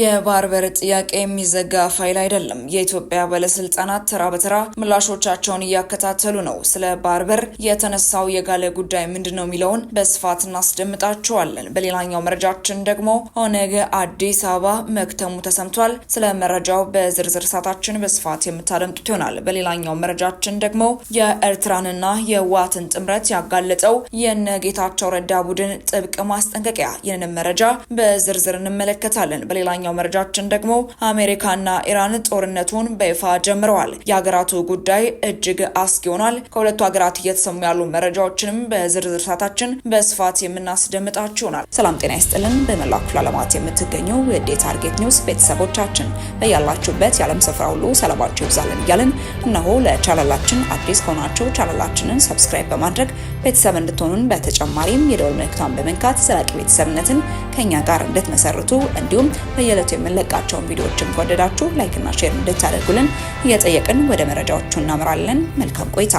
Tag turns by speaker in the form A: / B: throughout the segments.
A: የባህር በር ጥያቄ የሚዘጋ ፋይል አይደለም። የኢትዮጵያ ባለስልጣናት ተራ በተራ ምላሾቻቸውን እያከታተሉ ነው። ስለ ባህር በር የተነሳው የጋለ ጉዳይ ምንድን ነው የሚለውን በስፋት እናስደምጣቸዋለን። በሌላኛው መረጃችን ደግሞ ኦነግ አዲስ አበባ መክተሙ ተሰምቷል። ስለ መረጃው በዝርዝር ሰዓታችን በስፋት የምታደምጡት ይሆናል። በሌላኛው መረጃችን ደግሞ የኤርትራንና የህወሓትን ጥምረት ያጋለጠው የነጌታቸው ረዳ ቡድን ጥብቅ ማስጠንቀቂያ። ይህንን መረጃ በዝርዝር እንመለከታለን። በሌላኛው ሌላኛው መረጃችን ደግሞ አሜሪካና ኢራን ጦርነቱን በይፋ ጀምረዋል። የሀገራቱ ጉዳይ እጅግ አስጊ ሆኗል። ከሁለቱ ሀገራት እየተሰሙ ያሉ መረጃዎችንም በዝርዝር ሰዓታችን በስፋት የምናስደምጣችሁ ይሆናል። ሰላም ጤና ይስጥልን። በመላ ክፍለ ዓለማት የምትገኙ የዴ ታርጌት ኒውስ ቤተሰቦቻችን በያላችሁበት የዓለም ስፍራ ሁሉ ሰላማችሁ ይብዛልን እያልን እነሆ ለቻናላችን አዲስ ከሆናችሁ ቻናላችንን ሰብስክራይብ በማድረግ ቤተሰብ እንድትሆኑን በተጨማሪም የደወል ምልክቷን በመንካት ዘላቂ ቤተሰብነትን ከእኛ ጋር እንድትመሰርቱ እንዲሁም በዕለቱ የምንለቃቸውን ቪዲዮዎችን ከወደዳችሁ ላይክና ሼር እንድታደርጉልን እየጠየቅን ወደ መረጃዎቹ እናምራለን። መልካም ቆይታ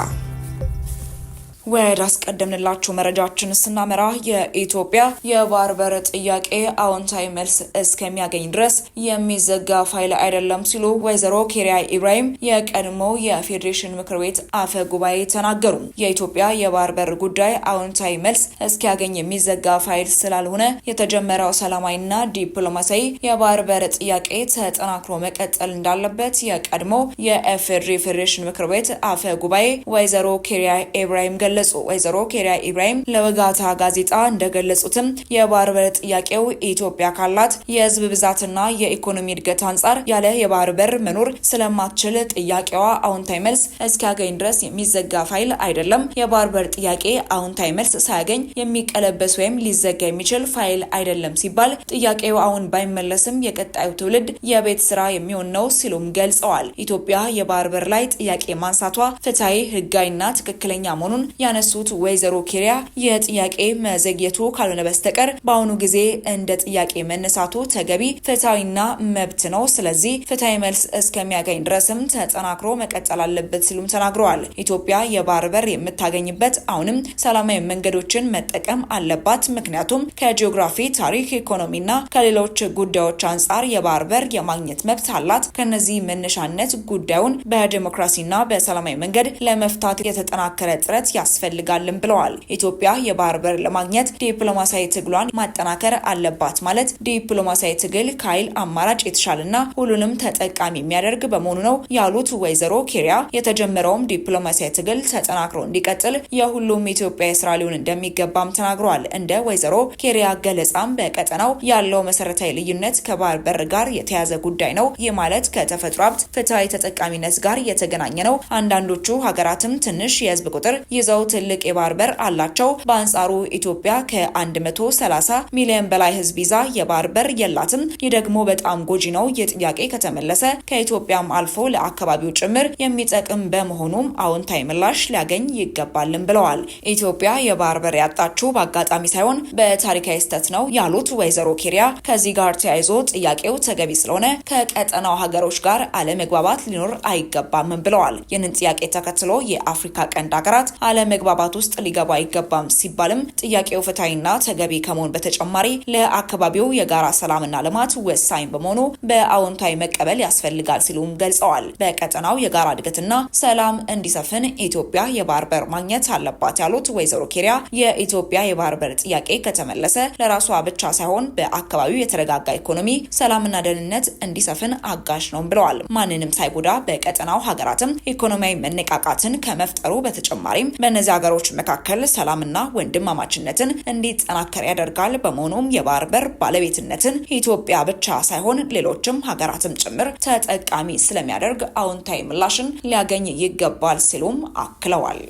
A: ወደ አስቀደምንላችሁ መረጃችን ስናመራ የኢትዮጵያ የባህር በር ጥያቄ አዎንታዊ መልስ እስከሚያገኝ ድረስ የሚዘጋ ፋይል አይደለም ሲሉ ወይዘሮ ኬሪያ ኢብራሂም የቀድሞ የፌዴሬሽን ምክር ቤት አፈ ጉባኤ ተናገሩ። የኢትዮጵያ የባህር በር ጉዳይ አዎንታዊ መልስ እስኪያገኝ የሚዘጋ ፋይል ስላልሆነ የተጀመረው ሰላማዊና ዲፕሎማሲያዊ የባህር በር ጥያቄ ተጠናክሮ መቀጠል እንዳለበት የቀድሞ የኢፌዴሪ ፌዴሬሽን ምክር ቤት አፈ ጉባኤ ወይዘሮ ኬሪያ ኢብራሂም ገለ ገለጹ። ወይዘሮ ኬሪያ ኢብራሂም ለወጋታ ጋዜጣ እንደገለጹትም የባህር በር ጥያቄው ኢትዮጵያ ካላት የህዝብ ብዛትና የኢኮኖሚ እድገት አንጻር ያለ የባህር በር መኖር ስለማትችል ጥያቄዋ አዎንታዊ መልስ እስኪያገኝ ድረስ የሚዘጋ ፋይል አይደለም። የባህር በር ጥያቄ አዎንታዊ መልስ ሳያገኝ የሚቀለበስ ወይም ሊዘጋ የሚችል ፋይል አይደለም ሲባል ጥያቄው አሁን ባይመለስም የቀጣዩ ትውልድ የቤት ስራ የሚሆን ነው ሲሉም ገልጸዋል። ኢትዮጵያ የባህር በር ላይ ጥያቄ ማንሳቷ ፍትሐዊ፣ ህጋዊና ትክክለኛ መሆኑን ያነሱት ወይዘሮ ኬሪያ ይህ ጥያቄ መዘግየቱ ካልሆነ በስተቀር በአሁኑ ጊዜ እንደ ጥያቄ መነሳቱ ተገቢ ፍትሐዊና መብት ነው። ስለዚህ ፍትሐዊ መልስ እስከሚያገኝ ድረስም ተጠናክሮ መቀጠል አለበት ሲሉም ተናግረዋል። ኢትዮጵያ የባህር በር የምታገኝበት አሁንም ሰላማዊ መንገዶችን መጠቀም አለባት። ምክንያቱም ከጂኦግራፊ ታሪክ፣ ኢኮኖሚና ከሌሎች ጉዳዮች አንጻር የባህር በር የማግኘት መብት አላት። ከነዚህ መነሻነት ጉዳዩን በዲሞክራሲና በሰላማዊ መንገድ ለመፍታት የተጠናከረ ጥረት ያስ ያስፈልጋልም ብለዋል። ኢትዮጵያ የባህር በር ለማግኘት ዲፕሎማሲያዊ ትግሏን ማጠናከር አለባት ማለት ዲፕሎማሲያዊ ትግል ከኃይል አማራጭ የተሻለና ሁሉንም ተጠቃሚ የሚያደርግ በመሆኑ ነው ያሉት ወይዘሮ ኬሪያ የተጀመረውም ዲፕሎማሲያዊ ትግል ተጠናክሮ እንዲቀጥል የሁሉም ኢትዮጵያ የስራ ሊሆን እንደሚገባም ተናግረዋል። እንደ ወይዘሮ ኬሪያ ገለጻም በቀጠናው ያለው መሰረታዊ ልዩነት ከባህር በር ጋር የተያዘ ጉዳይ ነው። ይህ ማለት ከተፈጥሮ ሀብት ፍትሐዊ ተጠቃሚነት ጋር የተገናኘ ነው። አንዳንዶቹ ሀገራትም ትንሽ የህዝብ ቁጥር ይዘው ትልቅ የባህር በር አላቸው። በአንጻሩ ኢትዮጵያ ከ130 ሚሊዮን በላይ ህዝብ ይዛ የባህር በር የላትም። ይህ ደግሞ በጣም ጎጂ ነው። የጥያቄ ከተመለሰ ከኢትዮጵያም አልፎ ለአካባቢው ጭምር የሚጠቅም በመሆኑም አዎንታዊ ምላሽ ሊያገኝ ይገባልም ብለዋል። ኢትዮጵያ የባህር በር ያጣችው በአጋጣሚ ሳይሆን በታሪካዊ ስህተት ነው ያሉት ወይዘሮ ኬሪያ ከዚህ ጋር ተያይዞ ጥያቄው ተገቢ ስለሆነ ከቀጠናው ሀገሮች ጋር አለመግባባት ሊኖር አይገባም ብለዋል። ይህንን ጥያቄ ተከትሎ የአፍሪካ ቀንድ ሀገራት አለ አለመግባባት ውስጥ ሊገባ አይገባም ሲባልም ጥያቄው ፍትሐዊና ተገቢ ከመሆን በተጨማሪ ለአካባቢው የጋራ ሰላምና ልማት ወሳኝ በመሆኑ በአዎንታዊ መቀበል ያስፈልጋል ሲሉም ገልጸዋል። በቀጠናው የጋራ እድገትና ሰላም እንዲሰፍን ኢትዮጵያ የባህር በር ማግኘት አለባት ያሉት ወይዘሮ ኬሪያ የኢትዮጵያ የባህር በር ጥያቄ ከተመለሰ ለራሷ ብቻ ሳይሆን በአካባቢው የተረጋጋ ኢኮኖሚ፣ ሰላምና ደህንነት እንዲሰፍን አጋዥ ነው ብለዋል። ማንንም ሳይጎዳ በቀጠናው ሀገራትም ኢኮኖሚያዊ መነቃቃትን ከመፍጠሩ በተጨማሪም በእነዚህ ሀገሮች መካከል ሰላምና ወንድማማችነትን እንዲጠናከር ያደርጋል። በመሆኑም የባህር በር ባለቤትነትን ኢትዮጵያ ብቻ ሳይሆን ሌሎችም ሀገራትም ጭምር ተጠቃሚ ስለሚያደርግ አዎንታዊ ምላሽን ሊያገኝ ይገባል ሲሉም አክለዋል።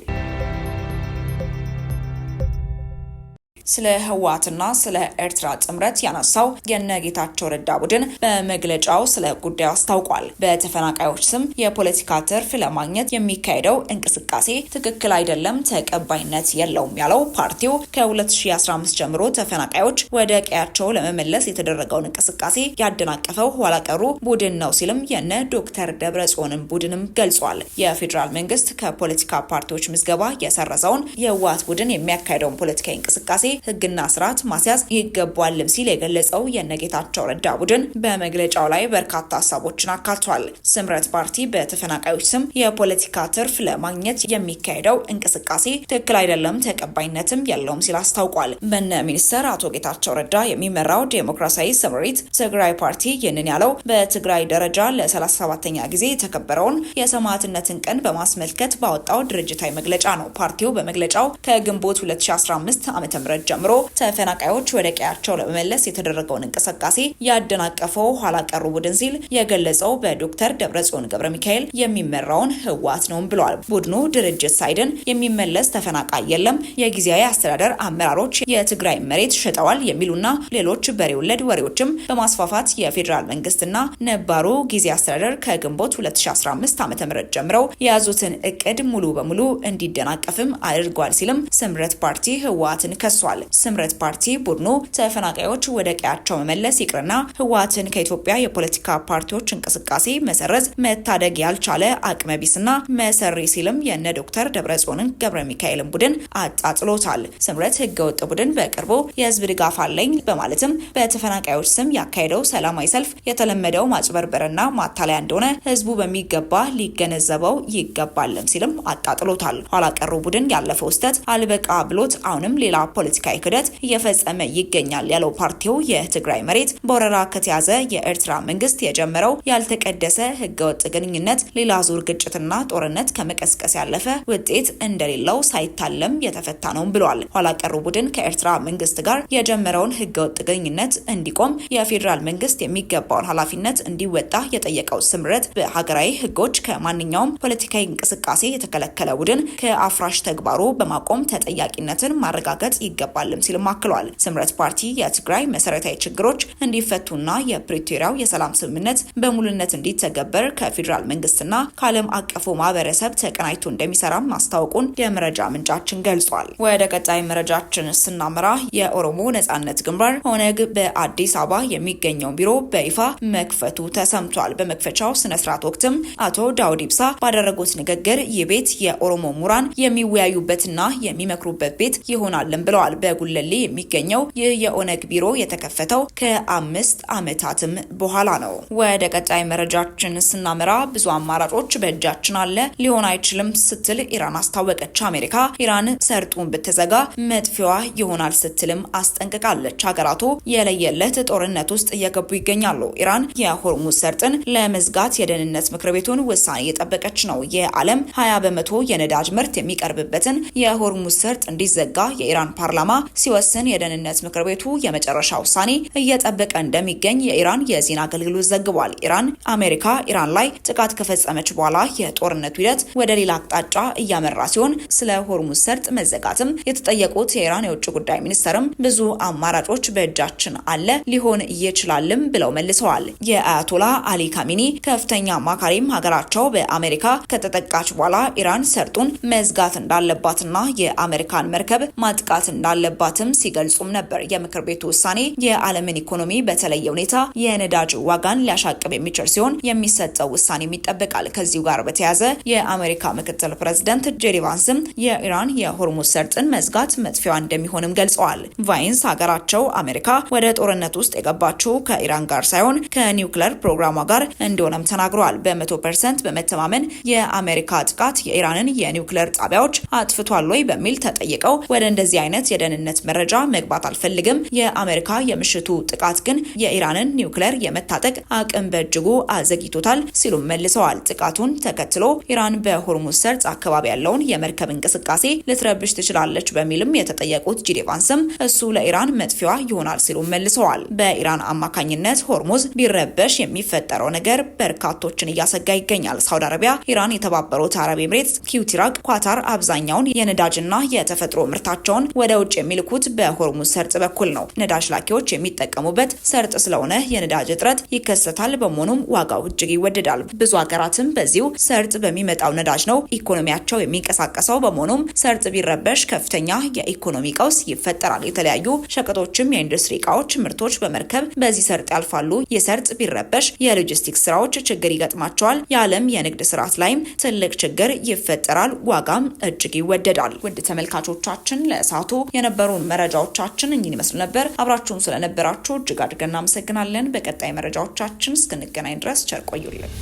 A: ስለ ህወሓትና ስለ ኤርትራ ጥምረት ያነሳው የነጌታቸው ረዳ ቡድን በመግለጫው ስለ ጉዳዩ አስታውቋል። በተፈናቃዮች ስም የፖለቲካ ትርፍ ለማግኘት የሚካሄደው እንቅስቃሴ ትክክል አይደለም፣ ተቀባይነት የለውም ያለው ፓርቲው ከ2015 ጀምሮ ተፈናቃዮች ወደ ቀያቸው ለመመለስ የተደረገውን እንቅስቃሴ ያደናቀፈው ኋላ ቀሩ ቡድን ነው ሲልም የነ ዶክተር ደብረ ጽዮንን ቡድንም ገልጿል። የፌዴራል መንግስት ከፖለቲካ ፓርቲዎች ምዝገባ የሰረዘውን የህወሓት ቡድን የሚያካሄደውን ፖለቲካዊ እንቅስቃሴ ህግና ስርዓት ማስያዝ ይገባልም ሲል የገለጸው የነጌታቸው ረዳ ቡድን በመግለጫው ላይ በርካታ ሀሳቦችን አካቷል። ስምረት ፓርቲ በተፈናቃዮች ስም የፖለቲካ ትርፍ ለማግኘት የሚካሄደው እንቅስቃሴ ትክክል አይደለም፣ ተቀባይነትም የለውም ሲል አስታውቋል። በነ ሚኒስትር አቶ ጌታቸው ረዳ የሚመራው ዴሞክራሲያዊ ስምሪት ትግራይ ፓርቲ ይህንን ያለው በትግራይ ደረጃ ለ37ኛ ጊዜ የተከበረውን የሰማዕትነትን ቀን በማስመልከት ባወጣው ድርጅታዊ መግለጫ ነው። ፓርቲው በመግለጫው ከግንቦት 2015 ዓ.ም ጀምሮ ተፈናቃዮች ወደ ቀያቸው ለመመለስ የተደረገውን እንቅስቃሴ ያደናቀፈው ኋላ ቀሩ ቡድን ሲል የገለጸው በዶክተር ደብረጽዮን ገብረ ሚካኤል የሚመራውን ህወሓት ነውም ብሏል። ቡድኑ ድርጅት ሳይድን የሚመለስ ተፈናቃይ የለም፣ የጊዜያዊ አስተዳደር አመራሮች የትግራይ መሬት ሸጠዋል የሚሉና ሌሎች በሬ ወለድ ወሬዎችም በማስፋፋት የፌዴራል መንግስትና ነባሩ ጊዜ አስተዳደር ከግንቦት 2015 ዓ.ም ጀምረው የያዙትን እቅድ ሙሉ በሙሉ እንዲደናቀፍም አድርጓል ሲልም ስምረት ፓርቲ ህወሓትን ከሷል። ገልጸዋል። ስምረት ፓርቲ ቡድኑ ተፈናቃዮች ወደ ቀያቸው መመለስ ይቅርና ህወሓትን ከኢትዮጵያ የፖለቲካ ፓርቲዎች እንቅስቃሴ መሰረዝ መታደግ ያልቻለ አቅመቢስና መሰሪ ሲልም የነ ዶክተር ደብረጽዮንን ገብረ ሚካኤልን ቡድን አጣጥሎታል። ስምረት ህገወጥ ቡድን በቅርቡ የህዝብ ድጋፍ አለኝ በማለትም በተፈናቃዮች ስም ያካሄደው ሰላማዊ ሰልፍ የተለመደው ማጭበርበርና ማታለያ እንደሆነ ህዝቡ በሚገባ ሊገነዘበው ይገባልም ሲልም አጣጥሎታል። ኋላ ቀሩ ቡድን ያለፈው ስህተት አልበቃ ብሎት አሁንም ሌላ ፖለቲ የፖለቲካዊ ክደት እየፈጸመ ይገኛል ያለው ፓርቲው የትግራይ መሬት በወረራ ከተያዘ የኤርትራ መንግስት የጀመረው ያልተቀደሰ ህገወጥ ግንኙነት ሌላ ዙር ግጭትና ጦርነት ከመቀስቀስ ያለፈ ውጤት እንደሌለው ሳይታለም የተፈታ ነው ብሏል። ኋላ ቀሩ ቡድን ከኤርትራ መንግስት ጋር የጀመረውን ህገወጥ ግንኙነት እንዲቆም የፌዴራል መንግስት የሚገባውን ኃላፊነት እንዲወጣ የጠየቀው ስምረት በሀገራዊ ህጎች ከማንኛውም ፖለቲካዊ እንቅስቃሴ የተከለከለ ቡድን ከአፍራሽ ተግባሩ በማቆም ተጠያቂነትን ማረጋገጥ ይገባል ይገባልም ሲልም አክሏል። ስምረት ፓርቲ የትግራይ መሰረታዊ ችግሮች እንዲፈቱና የፕሪቶሪያው የሰላም ስምምነት በሙሉነት እንዲተገበር ከፌዴራል መንግስትና ከዓለም አቀፉ ማህበረሰብ ተቀናጅቶ እንደሚሰራም ማስታወቁን የመረጃ ምንጫችን ገልጿል። ወደ ቀጣይ መረጃችን ስናመራ የኦሮሞ ነጻነት ግንባር ኦነግ በአዲስ አበባ የሚገኘው ቢሮ በይፋ መክፈቱ ተሰምቷል። በመክፈቻው ስነስርዓት ወቅትም አቶ ዳውድ ኢብሳ ባደረጉት ንግግር ይህ ቤት የኦሮሞ ምሁራን የሚወያዩበትና የሚመክሩበት ቤት ይሆናልን ብለዋል። በጉለሌ የሚገኘው ይህ የኦነግ ቢሮ የተከፈተው ከአምስት ዓመታትም በኋላ ነው። ወደ ቀጣይ መረጃችን ስናመራ ብዙ አማራጮች በእጃችን አለ፣ ሊሆን አይችልም ስትል ኢራን አስታወቀች። አሜሪካ ኢራን ሰርጡን ብትዘጋ መጥፊያዋ ይሆናል ስትልም አስጠንቅቃለች። ሀገራቱ የለየለት ጦርነት ውስጥ እየገቡ ይገኛሉ። ኢራን የሆርሙዝ ሰርጥን ለመዝጋት የደህንነት ምክር ቤቱን ውሳኔ እየጠበቀች ነው። የዓለም 20 በመቶ የነዳጅ ምርት የሚቀርብበትን የሆርሙዝ ሰርጥ እንዲዘጋ የኢራን ፓርላማ ዓላማ ሲወስን የደህንነት ምክር ቤቱ የመጨረሻ ውሳኔ እየጠበቀ እንደሚገኝ የኢራን የዜና አገልግሎት ዘግቧል። ኢራን አሜሪካ ኢራን ላይ ጥቃት ከፈጸመች በኋላ የጦርነቱ ሂደት ወደ ሌላ አቅጣጫ እያመራ ሲሆን ስለ ሆርሙዝ ሰርጥ መዘጋትም የተጠየቁት የኢራን የውጭ ጉዳይ ሚኒስትርም ብዙ አማራጮች በእጃችን አለ ሊሆን ይችላልም ብለው መልሰዋል። የአያቶላ አሊ ካሚኒ ከፍተኛ አማካሪም ሀገራቸው በአሜሪካ ከተጠቃች በኋላ ኢራን ሰርጡን መዝጋት እንዳለባትና የአሜሪካን መርከብ ማጥቃት እንዳለ እንዳለባትም ሲገልጹም ነበር። የምክር ቤቱ ውሳኔ የዓለምን ኢኮኖሚ በተለየ ሁኔታ የነዳጅ ዋጋን ሊያሻቅብ የሚችል ሲሆን የሚሰጠው ውሳኔም ይጠበቃል። ከዚሁ ጋር በተያያዘ የአሜሪካ ምክትል ፕሬዚደንት ጄዲ ቫንስም የኢራን የሆርሙዝ ሰርጥን መዝጋት መጥፊያዋ እንደሚሆንም ገልጸዋል። ቫይንስ ሀገራቸው አሜሪካ ወደ ጦርነት ውስጥ የገባችው ከኢራን ጋር ሳይሆን ከኒውክለር ፕሮግራሟ ጋር እንደሆነም ተናግረዋል። በመቶ ፐርሰንት በመተማመን የአሜሪካ ጥቃት የኢራንን የኒውክለር ጣቢያዎች አጥፍቷል ወይ በሚል ተጠይቀው ወደ እንደዚህ አይነት የደ የደህንነት መረጃ መግባት አልፈልግም። የአሜሪካ የምሽቱ ጥቃት ግን የኢራንን ኒውክሌር የመታጠቅ አቅም በእጅጉ አዘግይቶታል ሲሉም መልሰዋል። ጥቃቱን ተከትሎ ኢራን በሆርሙዝ ሰርጽ አካባቢ ያለውን የመርከብ እንቅስቃሴ ልትረብሽ ትችላለች በሚልም የተጠየቁት ጂዲ ስም እሱ ለኢራን መጥፊያዋ ይሆናል ሲሉም መልሰዋል። በኢራን አማካኝነት ሆርሙዝ ቢረበሽ የሚፈጠረው ነገር በርካቶችን እያሰጋ ይገኛል። ሳውዲ አረቢያ፣ ኢራን፣ የተባበሩት አረብ ኤምሬትስ፣ ኪዩቲራክ፣ ኳታር አብዛኛውን የነዳጅና የተፈጥሮ ምርታቸውን ወደ ውጭ የሚልኩት በሆርሙዝ ሰርጥ በኩል ነው። ነዳጅ ላኪዎች የሚጠቀሙበት ሰርጥ ስለሆነ የነዳጅ እጥረት ይከሰታል። በመሆኑም ዋጋው እጅግ ይወደዳል። ብዙ ሀገራትም በዚሁ ሰርጥ በሚመጣው ነዳጅ ነው ኢኮኖሚያቸው የሚንቀሳቀሰው። በመሆኑም ሰርጥ ቢረበሽ ከፍተኛ የኢኮኖሚ ቀውስ ይፈጠራል። የተለያዩ ሸቀጦችም፣ የኢንዱስትሪ እቃዎች፣ ምርቶች በመርከብ በዚህ ሰርጥ ያልፋሉ። የሰርጥ ቢረበሽ የሎጂስቲክስ ስራዎች ችግር ይገጥማቸዋል። የዓለም የንግድ ስርዓት ላይም ትልቅ ችግር ይፈጠራል። ዋጋም እጅግ ይወደዳል። ውድ ተመልካቾቻችን ለእሳቱ የነበሩን መረጃዎቻችን እኝን ይመስሉ ነበር። አብራችሁን ስለነበራችሁ እጅግ አድርገን እናመሰግናለን። በቀጣይ መረጃዎቻችን እስክንገናኝ ድረስ ቸር ቆዩልን።